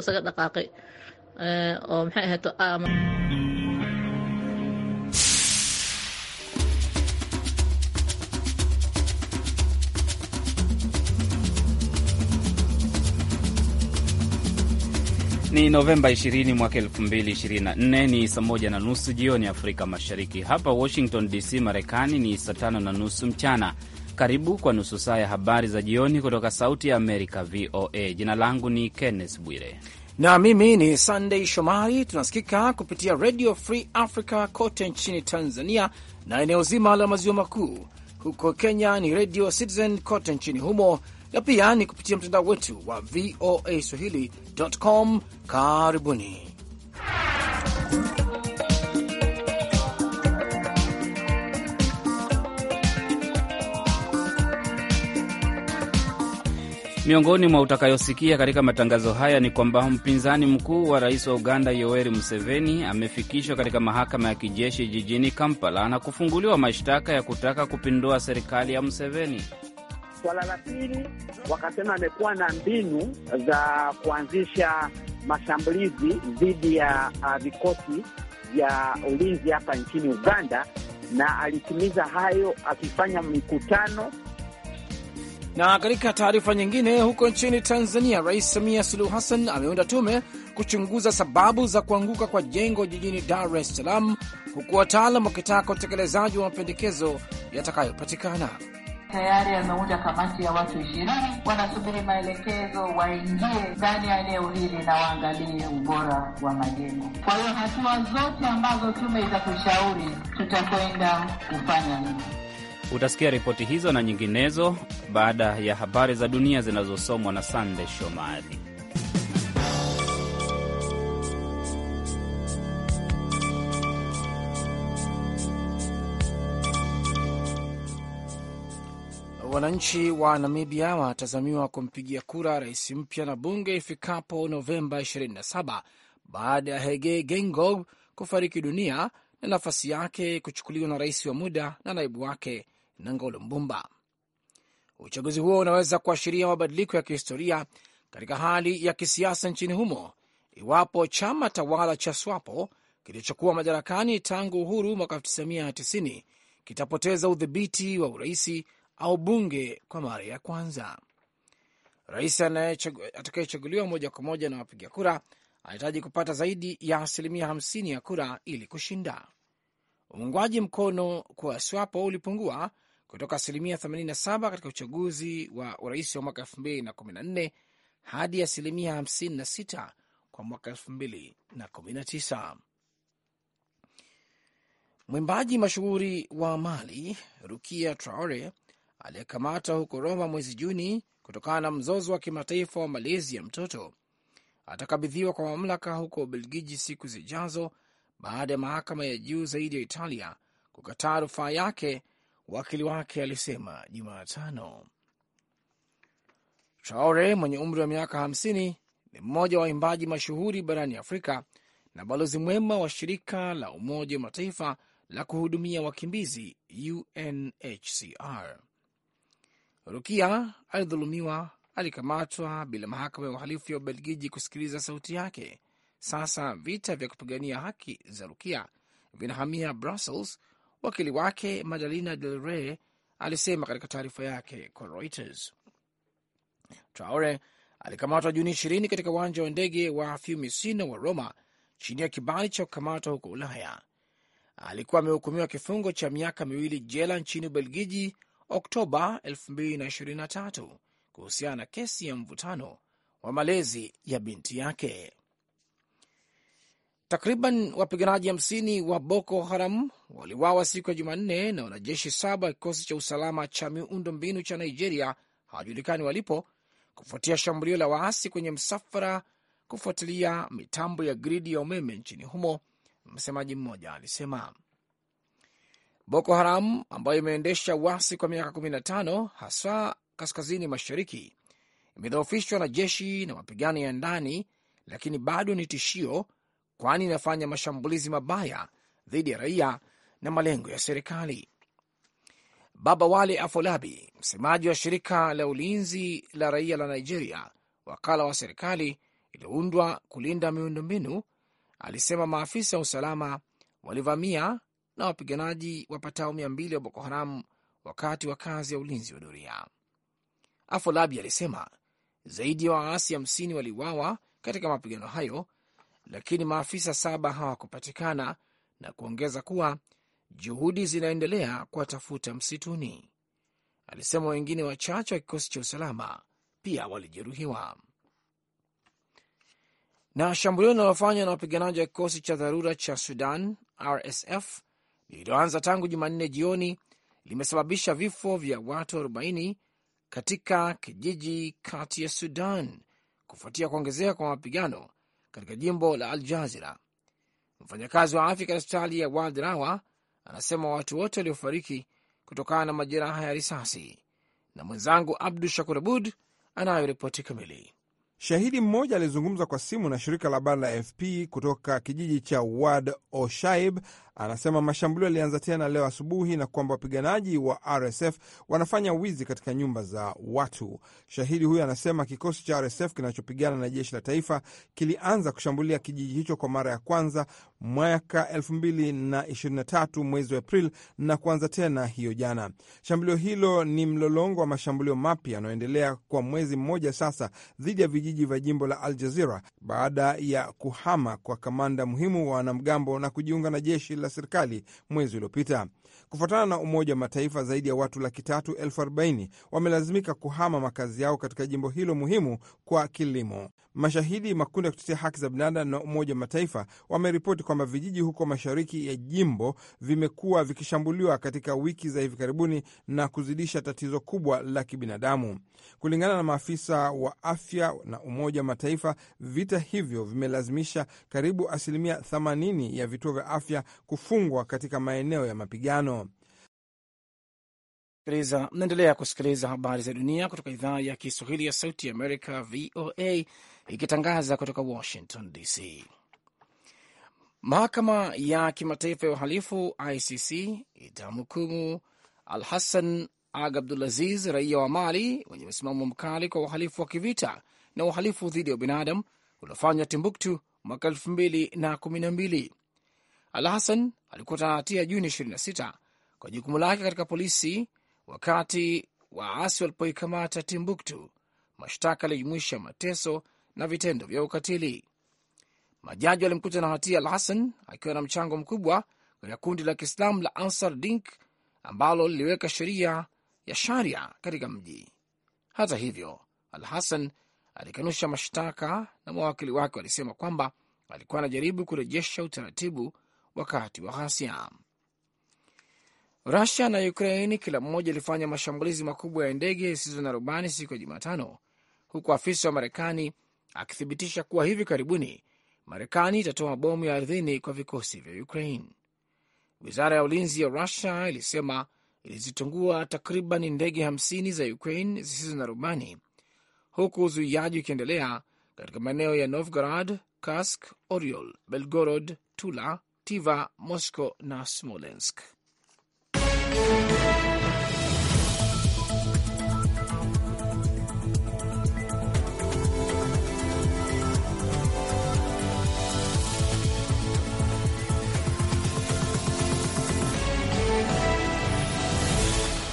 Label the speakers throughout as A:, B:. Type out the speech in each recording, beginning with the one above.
A: isaga dhaqaaqay eh, oo maxay ahayd ah,
B: Ni Novemba 20 mwaka 2024, ni saa moja na nusu jioni Afrika Mashariki. Hapa Washington DC, Marekani ni saa tano na nusu mchana. Karibu kwa nusu saa ya habari za jioni kutoka Sauti ya Amerika, VOA. Jina langu ni Kenneth Bwire
C: na mimi ni sandey Shomari. Tunasikika kupitia Radio Free Africa kote nchini Tanzania na eneo zima la maziwa makuu. Huko Kenya ni Radio Citizen kote nchini humo, na pia ni kupitia mtandao wetu wa VOA swahili.com. Karibuni
B: Miongoni mwa utakayosikia katika matangazo haya ni kwamba mpinzani mkuu wa rais wa Uganda Yoweri Museveni amefikishwa katika mahakama ya kijeshi jijini Kampala na kufunguliwa mashtaka ya kutaka kupindua serikali ya Museveni.
D: Swala la pili, wakasema amekuwa na mbinu za kuanzisha mashambulizi dhidi ya uh, vikosi vya ulinzi hapa nchini Uganda, na alitimiza hayo akifanya mikutano
C: na katika taarifa nyingine, huko nchini Tanzania, Rais Samia Suluhu Hassan ameunda tume kuchunguza sababu za kuanguka kwa jengo jijini Dar es Salaam, huku wataalam wakitaka utekelezaji wa mapendekezo yatakayopatikana.
E: Tayari ameunda kamati ya watu ishirini wanasubiri maelekezo, waingie ndani ya eneo hili na waangalie
A: ubora wa majengo. Kwa hiyo hatua zote ambazo tume itakushauri
D: tutakwenda kufanya hivi.
B: Utasikia ripoti hizo na nyinginezo baada ya habari za dunia zinazosomwa na Sande Shomari.
C: Wananchi wa Namibia wanatazamiwa kumpigia kura rais mpya na bunge ifikapo Novemba 27 baada ya Hage Geingob kufariki dunia na nafasi yake kuchukuliwa na rais wa muda na naibu wake na Ngolo Mbumba. Uchaguzi huo unaweza kuashiria mabadiliko ya kihistoria katika hali ya kisiasa nchini humo iwapo chama tawala cha SWAPO kilichokuwa madarakani tangu uhuru mwaka 1990 kitapoteza udhibiti wa uraisi au bunge kwa mara ya kwanza. Rais atakayechaguliwa moja kwa moja na wapiga kura anahitaji kupata zaidi ya asilimia 50 ya kura ili kushinda. Uungwaji mkono kwa SWAPO ulipungua kutoka asilimia 87 katika uchaguzi wa urais wa mwaka 2014 hadi asilimia 56 kwa mwaka 2019. Mwimbaji mashuhuri wa Mali Rukia Traore aliyekamatwa huko Roma mwezi Juni kutokana na mzozo wa kimataifa wa malezi ya mtoto atakabidhiwa kwa mamlaka huko Ubelgiji siku zijazo baada ya mahakama ya juu zaidi ya Italia kukataa rufaa yake wakili wake alisema Jumatano. Traore mwenye umri wa miaka hamsini ni mmoja wa waimbaji mashuhuri barani Afrika na balozi mwema wa shirika la Umoja wa Mataifa la kuhudumia wakimbizi UNHCR. Rukia alidhulumiwa, alikamatwa bila mahakama ya uhalifu ya Ubelgiji kusikiliza sauti yake. Sasa vita vya kupigania haki za Rukia vinahamia Brussels wakili wake Madalina Del Rey alisema katika taarifa yake kwa Reuters. Traore alikamatwa Juni 20 katika uwanja wa ndege wa Fiumicino wa Roma chini ya kibali cha kukamatwa huko Ulaya. Alikuwa amehukumiwa kifungo cha miaka miwili jela nchini Ubelgiji Oktoba 2023 kuhusiana na kesi ya mvutano wa malezi ya binti yake. Takriban wapiganaji hamsini wa Boko Haram waliwawa siku ya Jumanne na wanajeshi saba wa kikosi cha usalama cha miundo mbinu cha Nigeria, hawajulikani walipo, kufuatia shambulio la waasi kwenye msafara kufuatilia mitambo ya gridi ya umeme nchini humo, msemaji mmoja alisema. Boko Haram ambayo imeendesha uasi kwa miaka 15 haswa kaskazini mashariki, imedhoofishwa na jeshi na mapigano ya ndani, lakini bado ni tishio kwani inafanya mashambulizi mabaya dhidi ya raia na malengo ya serikali. Baba Wale Afolabi, msemaji wa shirika la ulinzi la raia la Nigeria, wakala wa serikali iliyoundwa kulinda miundombinu, alisema maafisa wa usalama walivamia na wapiganaji wapatao mia mbili wa Boko Haram wakati wa kazi ya ulinzi wa doria. Afolabi alisema zaidi ya waasi hamsini waliuawa katika mapigano hayo lakini maafisa saba hawakupatikana na kuongeza kuwa juhudi zinaendelea kuwatafuta msituni. Alisema wengine wachache wa kikosi cha usalama pia walijeruhiwa. Na shambulio linalofanywa na wapiganaji wa kikosi cha dharura cha Sudan RSF lililoanza tangu Jumanne jioni limesababisha vifo vya watu 40 katika kijiji kati ya Sudan kufuatia kuongezeka kwa mapigano katika jimbo la Aljazira. Mfanyakazi wa afya katika hospitali ya rawa anasema watu wote waliofariki kutokana na majeraha ya risasi. Na mwenzangu
F: Abdu Shakur Abud anayo ripoti kamili. Shahidi mmoja alizungumza kwa simu na shirika la habari la fp kutoka kijiji cha Wad Oshaib Anasema mashambulio yalianza tena leo asubuhi na kwamba wapiganaji wa RSF wanafanya wizi katika nyumba za watu. Shahidi huyo anasema kikosi cha RSF kinachopigana na jeshi la taifa kilianza kushambulia kijiji hicho kwa mara ya kwanza mwaka 2023 mwezi wa april na kuanza tena hiyo jana. Shambulio hilo ni mlolongo wa mashambulio mapya yanayoendelea kwa mwezi mmoja sasa dhidi ya vijiji vya jimbo la Al Jazira baada ya kuhama kwa kamanda muhimu wa wanamgambo na kujiunga na jeshi la serikali mwezi uliopita. Kufuatana na Umoja wa Mataifa, zaidi ya watu laki tatu elfu arobaini wamelazimika kuhama makazi yao katika jimbo hilo muhimu kwa kilimo. Mashahidi, makundi ya kutetea haki za binadamu na Umoja wa Mataifa wameripoti kwamba vijiji huko mashariki ya jimbo vimekuwa vikishambuliwa katika wiki za hivi karibuni na kuzidisha tatizo kubwa la kibinadamu. Kulingana na maafisa wa afya na Umoja wa Mataifa, vita hivyo vimelazimisha karibu asilimia 80 ya vituo vya afya kufungwa katika maeneo ya mapigano. Mnaendelea kusikiliza habari za
C: dunia kutoka idhaa ya Kiswahili ya Sauti ya Amerika, VOA, ikitangaza kutoka Washington DC. Mahakama ya Kimataifa ya Uhalifu, ICC, itamhukumu Al Hassan Ag Abdulaziz, raia wa Mali mwenye msimamo mkali kwa uhalifu wa kivita na uhalifu dhidi ya ubinadam uliofanywa Timbuktu mwaka elfu mbili na kumi na mbili. Al Hassan alikutana hatia Juni 26 kwa jukumu lake katika polisi wakati waasi walipoikamata Timbuktu. Mashtaka yalijumuisha mateso na vitendo vya ukatili. Majaji walimkuta na hatia Al Hassan akiwa na mchango mkubwa katika kundi la Kiislamu la Ansar Dink ambalo liliweka sheria ya sharia katika mji. Hata hivyo, Al Hassan alikanusha mashtaka na mawakili wake walisema kwamba alikuwa anajaribu kurejesha utaratibu wakati wa ghasia. Rusia na Ukraine kila mmoja ilifanya mashambulizi makubwa ya ndege zisizo na rubani siku ya Jumatano, huku afisa wa Marekani akithibitisha kuwa hivi karibuni Marekani itatoa mabomu ya ardhini kwa vikosi vya Ukraine. Wizara ya ulinzi ya Rusia ilisema ilizitungua takriban ndege hamsini za Ukraine zisizo na rubani, huku uzuiaji ukiendelea katika maeneo ya Novgorod, Kursk, Oriol, Belgorod, Tula, Kharkiv, Moscow na Smolensk.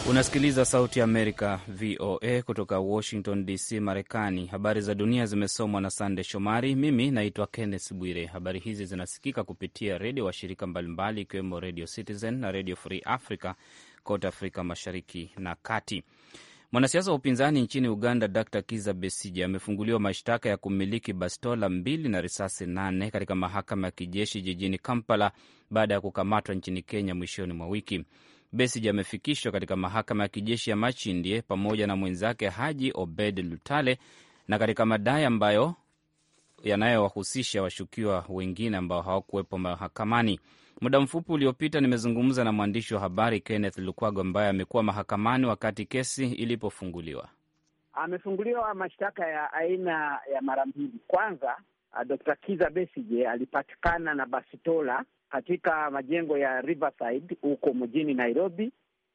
B: Unasikiliza Sauti ya Amerika, VOA, kutoka Washington DC, Marekani. Habari za dunia zimesomwa na Sande Shomari. Mimi naitwa Kenneth Bwire. Habari hizi zinasikika kupitia redio wa shirika mbalimbali, ikiwemo Redio Citizen na Redio Free Africa kote Afrika Mashariki na Kati. Mwanasiasa wa upinzani nchini Uganda, Dr Kiza Besije amefunguliwa mashtaka ya kumiliki bastola mbili na risasi nane katika mahakama ya kijeshi jijini Kampala baada ya kukamatwa nchini Kenya mwishoni mwa wiki. Besigye amefikishwa katika mahakama ya kijeshi ya Machindie pamoja na mwenzake Haji Obed Lutale na katika madai ambayo yanayowahusisha washukiwa wengine ambao hawakuwepo mahakamani. Muda mfupi uliopita nimezungumza na mwandishi wa habari Kenneth Lukwago ambaye amekuwa mahakamani wakati kesi ilipofunguliwa.
D: Amefunguliwa mashtaka ya aina ya mara mbili. Kwanza, uh, Dr. Kiza Besigye alipatikana na bastola katika majengo ya Riverside huko mjini Nairobi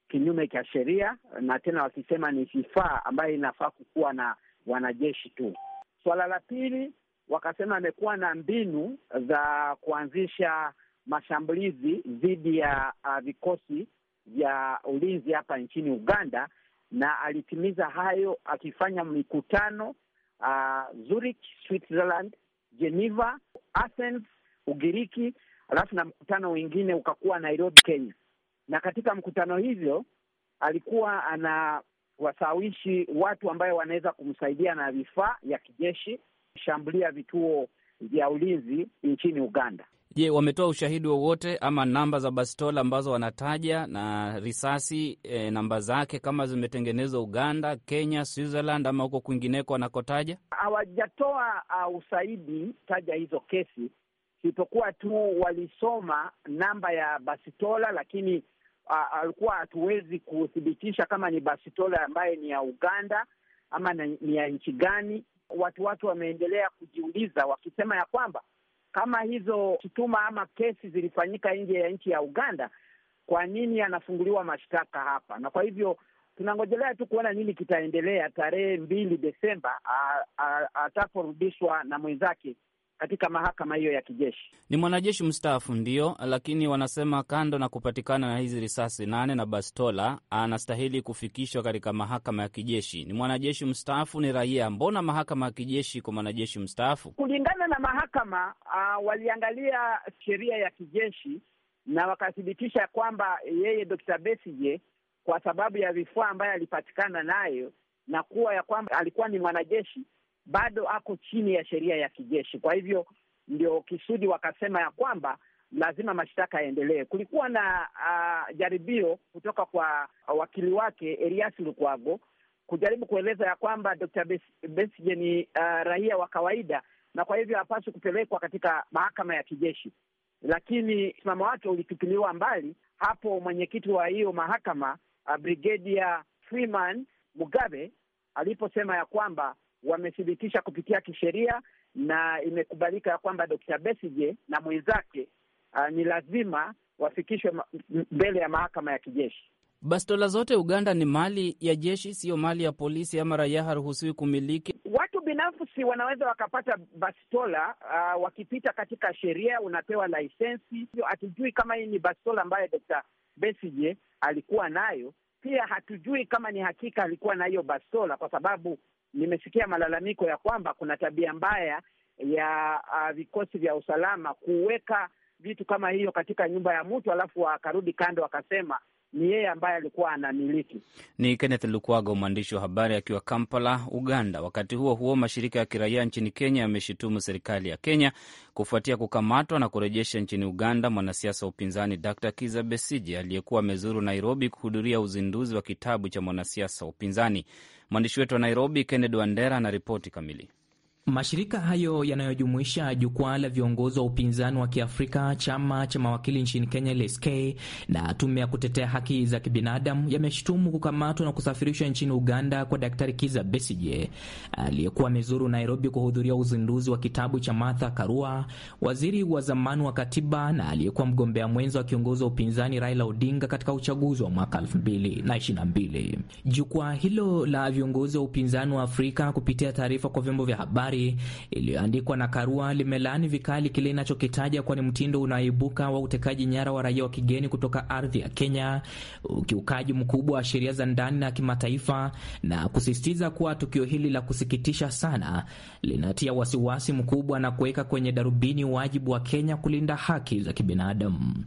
D: kinyume cha sheria, na tena wakisema ni vifaa ambayo inafaa kukuwa na wanajeshi tu. Swala la pili, wakasema amekuwa na mbinu za kuanzisha mashambulizi dhidi ya uh, vikosi vya ulinzi hapa nchini Uganda, na alitimiza hayo akifanya mikutano uh, Zurich, Switzerland, Geneva, Athens, Ugiriki alafu na mkutano wengine ukakuwa Nairobi, Kenya. Na katika mkutano hivyo alikuwa anawasawishi watu ambayo wanaweza kumsaidia na vifaa ya kijeshi kushambulia vituo vya ulinzi nchini Uganda.
B: Je, wametoa ushahidi wowote ama namba za bastola ambazo wanataja na risasi e, namba zake kama zimetengenezwa Uganda, Kenya, Switzerland ama huko kwingineko wanakotaja?
D: Hawajatoa uh, usaidi taja hizo kesi, isipokuwa tu walisoma namba ya Basitola, lakini uh, alikuwa hatuwezi kuthibitisha kama ni Basitola ambaye ni ya Uganda ama na, ni ya nchi gani. Watu watu wameendelea kujiuliza wakisema ya kwamba kama hizo shutuma ama kesi zilifanyika nje ya nchi ya Uganda, kwa nini anafunguliwa mashtaka hapa? Na kwa hivyo tunangojelea tu kuona nini kitaendelea tarehe mbili Desemba ataporudishwa na mwenzake katika mahakama hiyo ya kijeshi.
B: Ni mwanajeshi mstaafu ndio, lakini wanasema kando na kupatikana na hizi risasi nane na bastola, anastahili kufikishwa katika mahakama ya kijeshi. Ni mwanajeshi mstaafu, ni raia. Mbona mahakama ya kijeshi kwa mwanajeshi mstaafu?
D: Kulingana na mahakama, uh, waliangalia sheria ya kijeshi na wakathibitisha kwamba yeye Dr. Besigye kwa sababu ya vifaa ambayo alipatikana nayo na kuwa ya kwamba alikuwa ni mwanajeshi bado ako chini ya sheria ya kijeshi. Kwa hivyo ndio kisudi wakasema ya kwamba lazima mashtaka yaendelee. Kulikuwa na uh, jaribio kutoka kwa wakili wake Elias Lukwago kujaribu kueleza ya kwamba Dr. Besigye ni uh, raia wa kawaida na kwa hivyo hapaswi kupelekwa katika mahakama ya kijeshi, lakini msimamo wake ulitupiliwa mbali. Hapo mwenyekiti wa hiyo mahakama uh, Brigedia Freeman Mugabe aliposema ya kwamba wamethibitisha kupitia kisheria na imekubalika ya kwamba Dkt. Besigye na mwenzake uh, ni lazima wafikishwe mbele ya mahakama ya kijeshi.
B: Bastola zote Uganda ni mali ya jeshi, siyo mali ya polisi ama raia haruhusiwi kumiliki.
D: Watu binafsi wanaweza wakapata bastola uh, wakipita katika sheria unapewa laisensi. Hatujui kama hii ni bastola ambayo Dkt. Besigye alikuwa nayo pia hatujui kama ni hakika alikuwa na hiyo bastola, kwa sababu nimesikia malalamiko ya kwamba kuna tabia mbaya ya uh, vikosi vya usalama kuweka vitu kama hiyo katika nyumba ya mtu alafu akarudi kando akasema ni yeye ambaye alikuwa anamiliki.
B: Ni Kenneth Lukwago, mwandishi wa habari akiwa Kampala, Uganda. Wakati huo huo, mashirika ya kiraia nchini Kenya yameshitumu serikali ya Kenya kufuatia kukamatwa na kurejesha nchini Uganda mwanasiasa wa upinzani Dr Kiza Besije aliyekuwa amezuru Nairobi kuhudhuria uzinduzi wa kitabu cha mwanasiasa wa upinzani. Mwandishi wetu wa Nairobi, Kennedy Wandera, anaripoti kamili.
E: Mashirika hayo yanayojumuisha jukwaa la viongozi wa upinzani wa Kiafrika, chama cha mawakili nchini Kenya LSK na tume ya kutetea haki za kibinadamu yameshutumu kukamatwa na kusafirishwa nchini Uganda kwa Daktari Kiza Besije aliyekuwa amezuru Nairobi kuhudhuria uzinduzi wa kitabu cha Martha Karua, waziri wa zamani wa katiba na aliyekuwa mgombea mwenza wa kiongozi wa upinzani Raila Odinga katika uchaguzi wa mwaka 2022. Jukwaa hilo la viongozi wa upinzani wa Afrika kupitia taarifa kwa vyombo vya habari habari iliyoandikwa na Karua limelaani vikali kile inachokitaja kuwa ni mtindo unaoibuka wa utekaji nyara wa raia wa kigeni kutoka ardhi ya Kenya, ukiukaji mkubwa wa sheria za ndani na kimataifa, na kusisitiza kuwa tukio hili la kusikitisha sana linatia wasiwasi mkubwa na kuweka kwenye darubini wajibu wa Kenya kulinda haki za kibinadamu.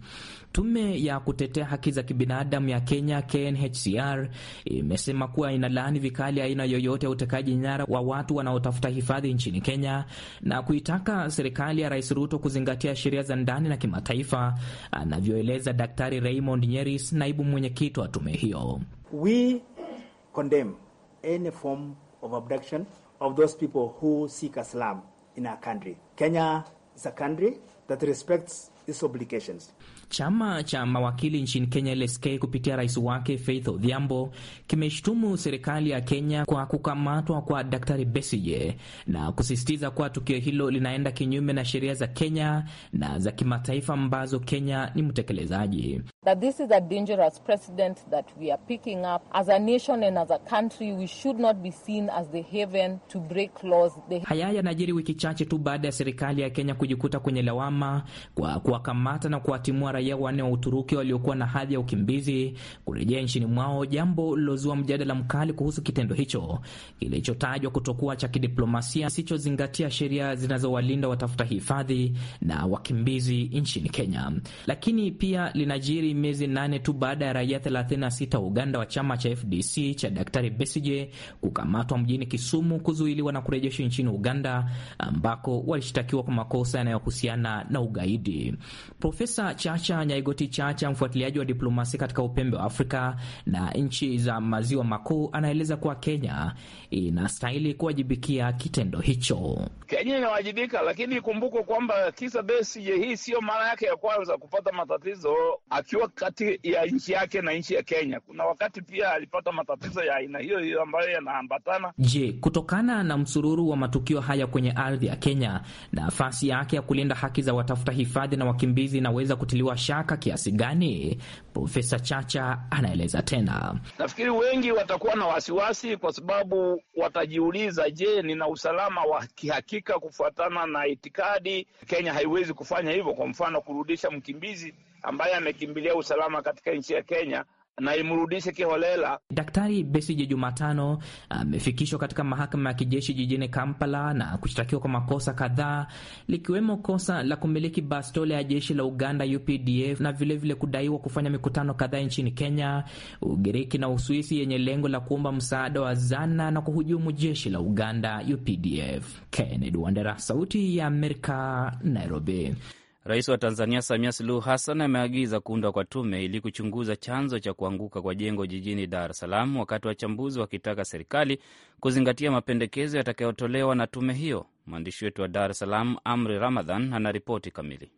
E: Tume ya kutetea haki za kibinadamu ya Kenya, KNHCR, imesema kuwa inalaani vikali aina yoyote ya utekaji nyara wa watu wanaotafuta hifadhi nchini Kenya na kuitaka serikali ya Rais Ruto kuzingatia sheria za ndani na kimataifa, anavyoeleza Daktari Raymond Nyeris, naibu mwenyekiti wa tume hiyo.
G: We condemn any form of abduction of those people who seek asylum in our country. Kenya is a country that respects its obligations.
E: Chama cha mawakili nchini Kenya, LSK, kupitia rais wake Faith Odhiambo kimeshutumu serikali ya Kenya kwa kukamatwa kwa Daktari Besigye na kusisitiza kuwa tukio hilo linaenda kinyume na sheria za Kenya na za kimataifa ambazo Kenya ni mtekelezaji. Haya yanajiri wiki chache tu baada ya serikali ya Kenya kujikuta kwenye lawama kwa kuwakamata na kuwatimua raia wanne wa Uturuki waliokuwa na hadhi ya ukimbizi kurejea nchini mwao, jambo lilozua mjadala mkali kuhusu kitendo hicho kilichotajwa kutokuwa cha kidiplomasia, kisichozingatia sheria zinazowalinda watafuta hifadhi na wakimbizi nchini Kenya. Lakini pia linajiri miezi nane tu baada ya raia 36 wa Uganda wa chama cha FDC cha Daktari Besije kukamatwa mjini Kisumu, kuzuiliwa na kurejeshwa nchini Uganda ambako walishtakiwa kwa makosa yanayohusiana na ugaidi. Profesa Chacha Chacha Nyaigoti Chacha, mfuatiliaji wa diplomasia katika upembe wa Afrika na nchi za maziwa makuu, anaeleza kuwa Kenya inastahili kuwajibikia kitendo hicho.
H: Kenya inawajibika, lakini ikumbukwe kwamba Kizza Besigye hii siyo mara yake ya kwanza kupata matatizo akiwa kati ya nchi yake na nchi ya Kenya. Kuna wakati pia alipata matatizo ya aina hiyo hiyo ambayo yanaambatana. Je,
E: kutokana na msururu wa matukio haya kwenye ardhi ya Kenya, nafasi yake ya kulinda haki za watafuta hifadhi na wakimbizi inaweza kutiliwa shaka kiasi gani? Profesa Chacha anaeleza tena.
H: Nafikiri wengi watakuwa na wasiwasi kwa sababu watajiuliza, je, nina usalama wa kihakika kufuatana na itikadi? Kenya haiwezi kufanya hivyo, kwa mfano kurudisha mkimbizi ambaye amekimbilia usalama katika nchi ya Kenya na imrudishe kiholela.
E: Daktari Besigye Jumatano ah, amefikishwa katika mahakama ya kijeshi jijini Kampala na kushtakiwa kwa makosa kadhaa likiwemo kosa la kumiliki bastola ya jeshi la Uganda UPDF na vilevile vile kudaiwa kufanya mikutano kadhaa nchini Kenya, Ugiriki na Uswisi yenye lengo la kuomba msaada wa zana na kuhujumu jeshi la Uganda UPDF. Kennedy Wandera, Sauti ya Amerika, Nairobi.
B: Rais wa Tanzania Samia Suluhu Hassan ameagiza kuundwa kwa tume ili kuchunguza chanzo cha kuanguka kwa jengo jijini Dar es Salaam, wakati wachambuzi wakitaka serikali kuzingatia mapendekezo yatakayotolewa na tume hiyo. Mwandishi wetu wa Dar es Salaam, Amri Ramadhan, anaripoti kamili.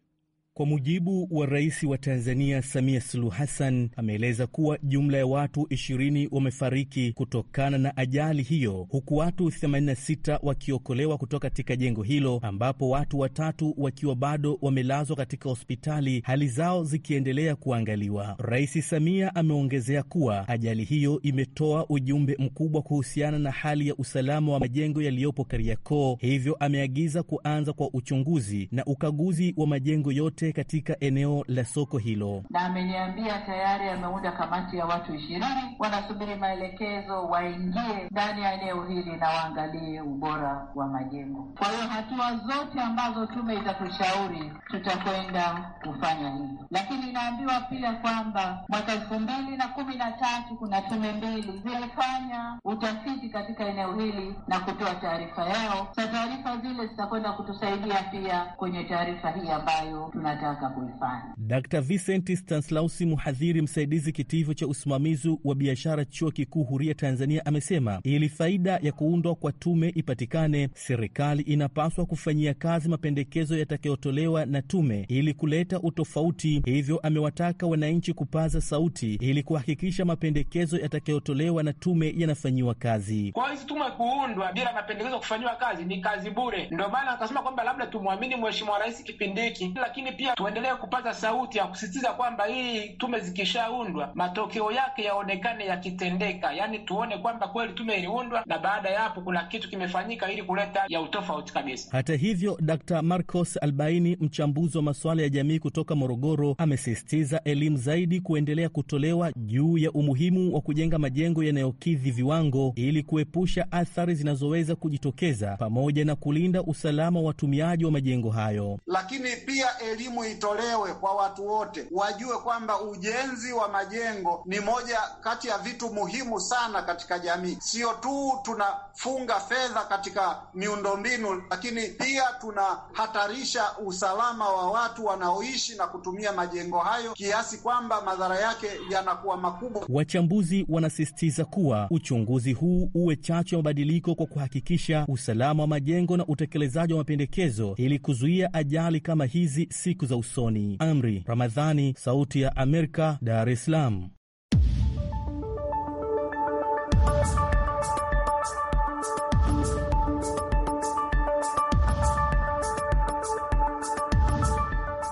G: Kwa mujibu wa rais wa Tanzania Samia Suluhu Hassan, ameeleza kuwa jumla ya watu 20 wamefariki kutokana na ajali hiyo, huku watu 86 wakiokolewa kutoka katika jengo hilo, ambapo watu watatu wakiwa bado wamelazwa katika hospitali, hali zao zikiendelea kuangaliwa. Rais Samia ameongezea kuwa ajali hiyo imetoa ujumbe mkubwa kuhusiana na hali ya usalama wa majengo yaliyopo Kariakoo, hivyo ameagiza kuanza kwa uchunguzi na ukaguzi wa majengo yote yote katika eneo la soko hilo,
A: na ameniambia tayari ameunda kamati ya watu ishirini wanasubiri maelekezo waingie ndani ya eneo hili na waangalie ubora wa majengo. Kwa hiyo hatua zote ambazo tume itatushauri tutakwenda kufanya hivyo, lakini inaambiwa pia kwamba mwaka elfu mbili na kumi na tatu kuna tume mbili zilifanya utafiti katika eneo hili na kutoa taarifa yao. Sa taarifa zile zitakwenda kutusaidia pia kwenye taarifa hii ambayo tuna tunataka kuifanya.
G: Dr. Vincent Stanslausi, mhadhiri msaidizi kitivo cha usimamizi wa biashara chuo kikuu huria Tanzania, amesema ili faida ya kuundwa kwa tume ipatikane, serikali inapaswa kufanyia kazi mapendekezo yatakayotolewa na tume ili kuleta utofauti. Hivyo amewataka wananchi kupaza sauti ili kuhakikisha mapendekezo yatakayotolewa na tume yanafanyiwa kazi.
C: Kwa hizi tume kuundwa bila mapendekezo kufanyiwa kazi ni kazi bure, ndio maana akasema kwamba labda tumwamini Mheshimiwa Rais kipindi hiki, lakini pia pia tuendelee kupaza sauti ya kusisitiza kwamba hii tume zikishaundwa matokeo yake yaonekane yakitendeka, yaani tuone kwamba kweli tume iliundwa na baada ya hapo kuna kitu kimefanyika ili kuleta ya utofauti kabisa.
G: Hata hivyo, Dr. Marcos Albaini, mchambuzi wa masuala ya jamii kutoka Morogoro, amesisitiza elimu zaidi kuendelea kutolewa juu ya umuhimu wa kujenga majengo yanayokidhi viwango ili kuepusha athari zinazoweza kujitokeza pamoja na kulinda usalama wa watumiaji wa majengo hayo,
D: lakini pia elimu elimu itolewe kwa watu wote, wajue kwamba ujenzi wa majengo ni moja kati ya vitu muhimu sana katika jamii. Sio tu tunafunga fedha katika miundombinu, lakini pia tunahatarisha usalama wa watu wanaoishi na kutumia majengo hayo, kiasi kwamba madhara yake yanakuwa makubwa.
G: Wachambuzi wanasisitiza kuwa uchunguzi huu uwe chachu ya mabadiliko kwa kuhakikisha usalama wa majengo na utekelezaji wa mapendekezo ili kuzuia ajali kama hizi si siku za usoni. Amri Ramadhani, Sauti ya Amerika, Dar es Salaam.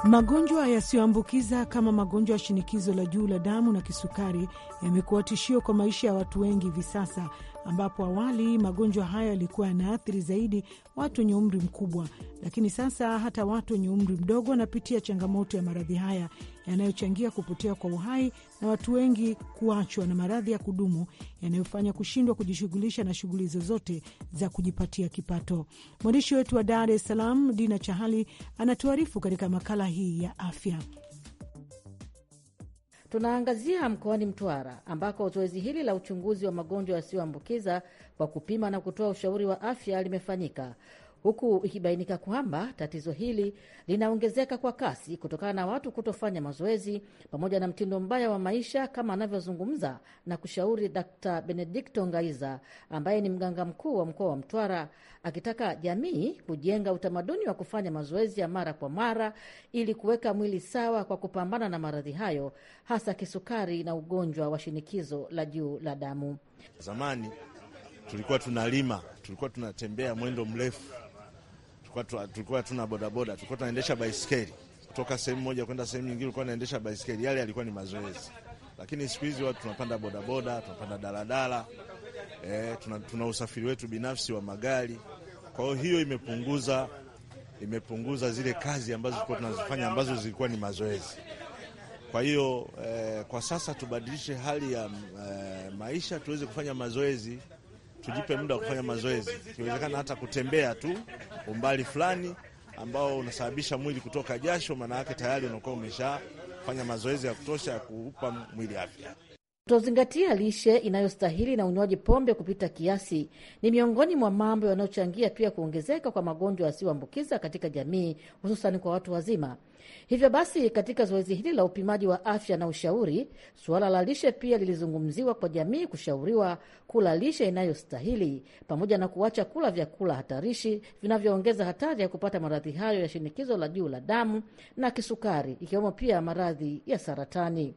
A: Magonjwa yasiyoambukiza kama magonjwa ya shinikizo la juu la damu na kisukari yamekuwa tishio kwa maisha ya watu wengi hivi sasa ambapo awali magonjwa hayo yalikuwa yanaathiri zaidi watu wenye umri mkubwa, lakini sasa hata watu wenye umri mdogo wanapitia changamoto ya maradhi haya yanayochangia kupotea kwa uhai na watu wengi kuachwa na maradhi ya kudumu yanayofanya kushindwa kujishughulisha na shughuli zozote za kujipatia kipato. Mwandishi wetu wa Dar es Salaam, Dina Chahali, anatuarifu katika makala hii ya afya. Tunaangazia mkoani Mtwara ambako zoezi hili la uchunguzi wa magonjwa yasiyoambukiza kwa kupima na kutoa ushauri wa afya limefanyika huku ikibainika kwamba tatizo hili linaongezeka kwa kasi kutokana na watu kutofanya mazoezi pamoja na mtindo mbaya wa maisha, kama anavyozungumza na kushauri Dkt. Benedikto Ngaiza ambaye ni mganga mkuu wa mkoa wa Mtwara, akitaka jamii kujenga utamaduni wa kufanya mazoezi ya mara kwa mara ili kuweka mwili sawa kwa kupambana na maradhi hayo, hasa kisukari na ugonjwa wa shinikizo la juu la damu.
G: Zamani tulikuwa tunalima, tulikuwa tunatembea mwendo mrefu tulikuwa hatuna bodaboda, tulikuwa tunaendesha baiskeli kutoka sehemu moja kwenda sehemu nyingine, ulikuwa unaendesha baiskeli. Yale yalikuwa ni mazoezi, lakini siku hizi watu tunapanda bodaboda, tunapanda daladala e, tuna, tuna usafiri wetu binafsi wa magari. Kwa hiyo hiyo imepunguza imepunguza zile kazi ambazo tulikuwa tunazifanya ambazo zilikuwa ni mazoezi. Kwa hiyo e, kwa sasa tubadilishe hali ya e, maisha tuweze kufanya mazoezi tujipe muda wa kufanya mazoezi, ikiwezekana hata kutembea tu umbali fulani ambao unasababisha mwili kutoka jasho, maana yake tayari unakuwa umeshafanya mazoezi ya kutosha ya kuupa mwili afya.
A: Kutozingatia lishe inayostahili na unywaji pombe kupita kiasi ni miongoni mwa mambo yanayochangia pia kuongezeka kwa magonjwa yasiyoambukiza katika jamii, hususan kwa watu wazima. Hivyo basi, katika zoezi hili la upimaji wa afya na ushauri, suala la lishe pia lilizungumziwa kwa jamii kushauriwa kula lishe inayostahili pamoja na kuacha kula vyakula hatarishi vinavyoongeza hatari ya kupata maradhi hayo ya shinikizo la juu la damu na kisukari, ikiwemo pia maradhi ya saratani.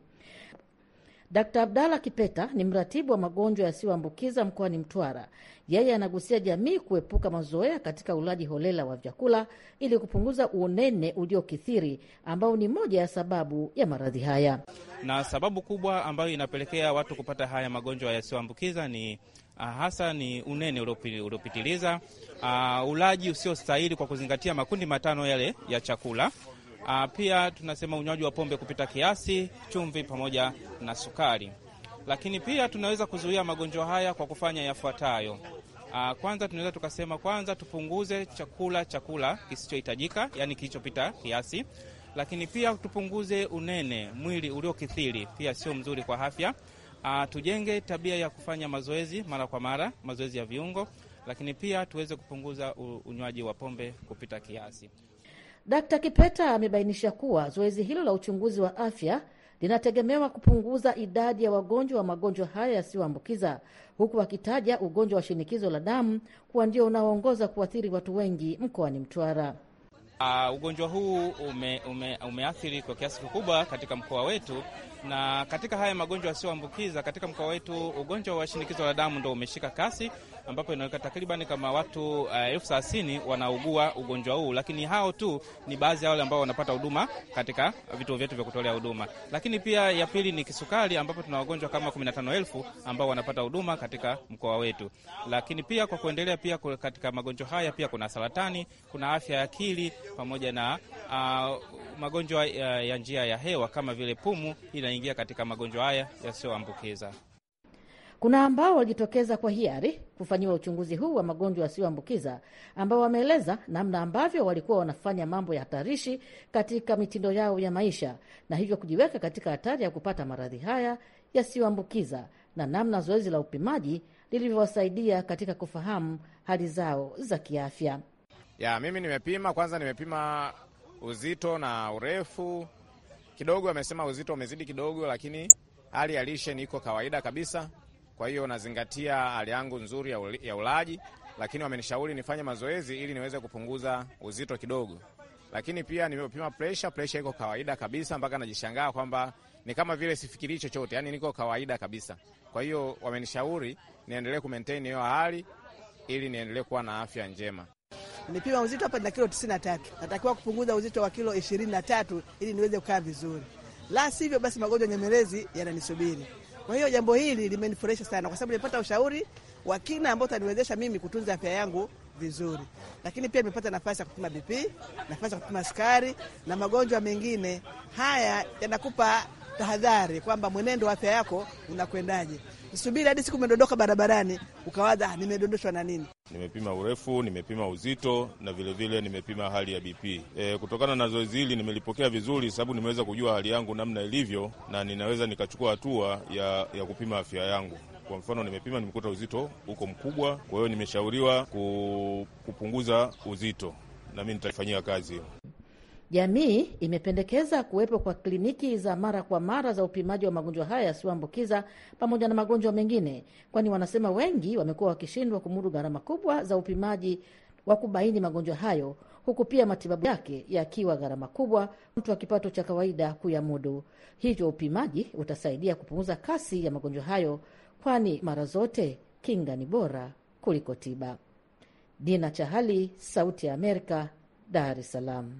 A: Dkt Abdalla Kipeta ni mratibu wa magonjwa yasiyoambukiza mkoani Mtwara. Yeye anagusia jamii kuepuka mazoea katika ulaji holela wa vyakula ili kupunguza unene uliokithiri ambao ni moja ya sababu ya maradhi haya.
H: Na sababu kubwa ambayo inapelekea watu kupata haya magonjwa yasiyoambukiza ni ah, hasa ni unene uliopitiliza, ah, ulaji usiostahili kwa kuzingatia makundi matano yale ya chakula Ah, pia tunasema unywaji wa pombe kupita kiasi, chumvi pamoja na sukari. Lakini pia tunaweza kuzuia magonjwa haya kwa kufanya yafuatayo. Ah, kwanza tunaweza tukasema, kwanza tupunguze chakula chakula kisichohitajika, yani kilichopita kiasi. Lakini pia tupunguze unene, mwili uliokithiri pia sio mzuri kwa afya. Ah, tujenge tabia ya kufanya mazoezi mara kwa mara, mazoezi ya viungo. Lakini pia tuweze kupunguza unywaji wa pombe kupita kiasi.
A: Dkt. Kipeta amebainisha kuwa zoezi hilo la uchunguzi wa afya linategemewa kupunguza idadi ya wagonjwa wa magonjwa haya yasiyoambukiza, huku akitaja ugonjwa wa shinikizo la damu kuwa ndio unaoongoza kuathiri watu wengi mkoani Mtwara.
H: Uh, ugonjwa huu ume, ume, umeathiri kwa kiasi kikubwa katika mkoa wetu, na katika haya magonjwa yasiyoambukiza katika mkoa wetu ugonjwa wa shinikizo la damu ndo umeshika kasi, ambapo inaweka takriban kama watu eh, elfu uh, thelathini wanaugua ugonjwa huu, lakini hao tu ni baadhi ya wale ambao wanapata huduma katika vituo vyetu vya kutolea huduma. Lakini pia ya pili ni kisukari, ambapo tuna wagonjwa kama 15000 ambao wanapata huduma katika mkoa wetu. Lakini pia kwa kuendelea, pia katika magonjwa haya pia kuna saratani, kuna afya ya akili pamoja na uh, magonjwa ya, eh, ya njia ya hewa kama vile pumu inaingia katika magonjwa haya yasiyoambukiza.
A: Kuna ambao walijitokeza kwa hiari kufanyiwa uchunguzi huu wa magonjwa yasiyoambukiza ambao wameeleza namna ambavyo walikuwa wanafanya mambo ya hatarishi katika mitindo yao ya maisha na hivyo kujiweka katika hatari ya kupata maradhi haya yasiyoambukiza na namna zoezi la upimaji lilivyowasaidia katika kufahamu hali zao za kiafya.
H: Ya, mimi nimepima kwanza, nimepima uzito na urefu kidogo. Amesema uzito umezidi kidogo, lakini hali ya lishe niko kawaida kabisa. Kwa hiyo nazingatia hali yangu nzuri ya, ulaji, lakini wamenishauri nifanye mazoezi ili niweze kupunguza uzito kidogo. Lakini pia nimepima pressure, pressure iko kawaida kabisa, mpaka najishangaa kwamba ni kama vile sifikirii chochote, yani niko kawaida kabisa. Kwa hiyo wamenishauri niendelee maintain hiyo hali ili niendelee kuwa na afya njema.
G: Nipima uzito hapa na kilo 93. Natakiwa kupunguza uzito wa kilo 23 ili niweze kukaa vizuri, la sivyo basi magonjwa nyemelezi yananisubiri. Kwa hiyo jambo hili limenifurahisha sana, kwa sababu nilipata ushauri wa kina ambao utaniwezesha mimi kutunza afya yangu vizuri, lakini pia nimepata nafasi ya kupima BP, nafasi ya kupima sukari na magonjwa mengine. Haya yanakupa tahadhari kwamba mwenendo wa afya yako unakwendaje. subiri hadi siku umedondoka barabarani ukawaza, ah, nimedondoshwa na
H: nini? nimepima urefu, nimepima uzito na vilevile vile nimepima hali ya BP. E, kutokana na zoezi hili nimelipokea vizuri, sababu nimeweza kujua hali yangu namna ilivyo, na ninaweza nikachukua hatua ya, ya kupima afya yangu. Kwa mfano nimepima, nimekuta uzito uko mkubwa, kwa hiyo nimeshauriwa kupunguza uzito, na mi nitaifanyia kazi hiyo.
A: Jamii imependekeza kuwepo kwa kliniki za mara kwa mara za upimaji wa magonjwa haya yasiyoambukiza pamoja na magonjwa mengine, kwani wanasema wengi wamekuwa wakishindwa kumudu gharama kubwa za upimaji wa kubaini magonjwa hayo, huku pia matibabu yake yakiwa gharama kubwa mtu wa kipato cha kawaida kuyamudu. Hivyo upimaji utasaidia kupunguza kasi ya magonjwa hayo, kwani mara zote kinga ni bora kuliko tiba. Dina Chahali, Sauti ya Amerika, Dar es Salaam.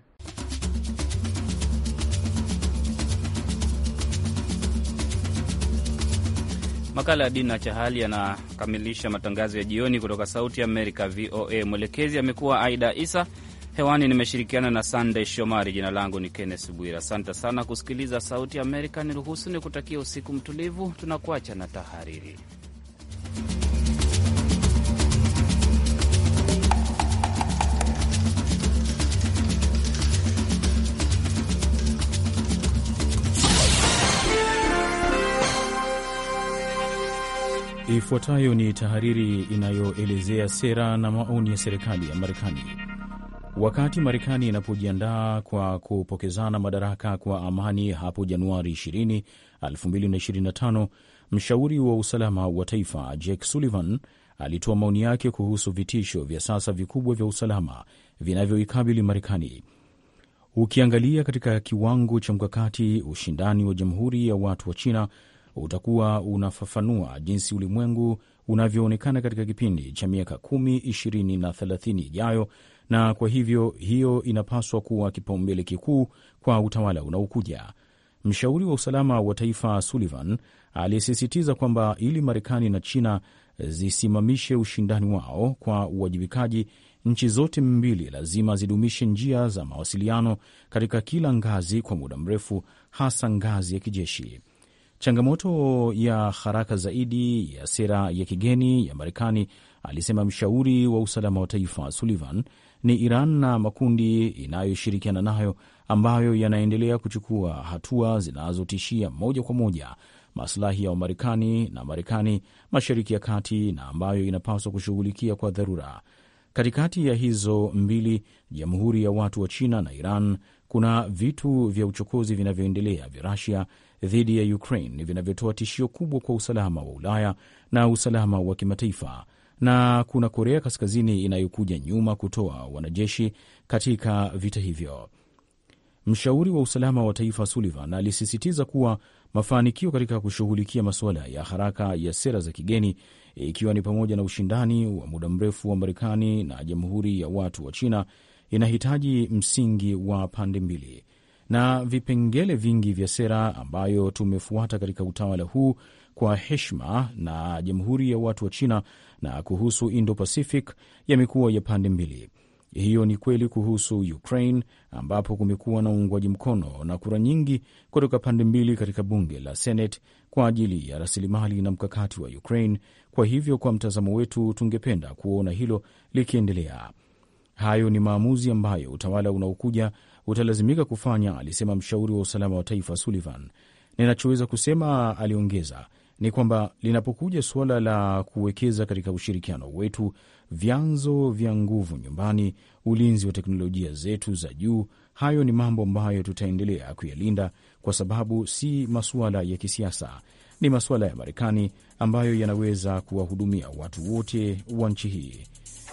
B: Makala ya Dini na Chahali yanakamilisha matangazo ya jioni kutoka Sauti Amerika, VOA. Mwelekezi amekuwa Aida Isa. Hewani nimeshirikiana na Sandey Shomari. Jina langu ni kennes Bwira. Asante sana kusikiliza Sauti Amerika. Niruhusu ni kutakia usiku mtulivu. Tunakuacha na tahariri.
I: Ifuatayo ni tahariri inayoelezea sera na maoni ya serikali ya Marekani. Wakati Marekani inapojiandaa kwa kupokezana madaraka kwa amani hapo Januari 20, 2025, mshauri wa usalama wa taifa Jake Sullivan alitoa maoni yake kuhusu vitisho vya sasa vikubwa vya usalama vinavyoikabili Marekani. Ukiangalia katika kiwango cha mkakati, ushindani wa Jamhuri ya Watu wa China utakuwa unafafanua jinsi ulimwengu unavyoonekana katika kipindi cha miaka kumi, ishirini na thelathini ijayo, na kwa hivyo hiyo inapaswa kuwa kipaumbele kikuu kwa utawala unaokuja. Mshauri wa usalama wa taifa Sullivan alisisitiza kwamba ili Marekani na China zisimamishe ushindani wao kwa uwajibikaji, nchi zote mbili lazima zidumishe njia za mawasiliano katika kila ngazi kwa muda mrefu, hasa ngazi ya kijeshi changamoto ya haraka zaidi ya sera ya kigeni ya Marekani, alisema mshauri wa usalama wa taifa Sullivan, ni Iran na makundi inayoshirikiana nayo ambayo yanaendelea kuchukua hatua zinazotishia moja kwa moja maslahi ya Wamarekani na Marekani Mashariki ya Kati na ambayo inapaswa kushughulikia kwa dharura. Katikati ya hizo mbili, Jamhuri ya Watu wa China na Iran, kuna vitu vya uchokozi vinavyoendelea vya Rasia dhidi ya Ukraine vinavyotoa tishio kubwa kwa usalama wa Ulaya na usalama wa kimataifa, na kuna Korea Kaskazini inayokuja nyuma kutoa wanajeshi katika vita hivyo. Mshauri wa usalama wa taifa Sullivan alisisitiza kuwa mafanikio katika kushughulikia masuala ya haraka ya sera za kigeni, ikiwa ni pamoja na ushindani wa muda mrefu wa Marekani na Jamhuri ya Watu wa China, inahitaji msingi wa pande mbili na vipengele vingi vya sera ambayo tumefuata katika utawala huu kwa heshima na Jamhuri ya Watu wa China na kuhusu Indo-Pacific yamekuwa ya pande mbili. Hiyo ni kweli kuhusu Ukraine ambapo kumekuwa na uungwaji mkono na kura nyingi kutoka pande mbili katika bunge la Senate kwa ajili ya rasilimali na mkakati wa Ukraine. Kwa hivyo, kwa mtazamo wetu, tungependa kuona hilo likiendelea. Hayo ni maamuzi ambayo utawala unaokuja utalazimika kufanya, alisema mshauri wa usalama wa taifa Sullivan. Ninachoweza kusema, aliongeza, ni kwamba linapokuja suala la kuwekeza katika ushirikiano wetu, vyanzo vya nguvu nyumbani, ulinzi wa teknolojia zetu za juu, hayo ni mambo ambayo tutaendelea kuyalinda kwa sababu si masuala ya kisiasa, ni masuala ya Marekani ambayo yanaweza kuwahudumia watu wote wa nchi hii.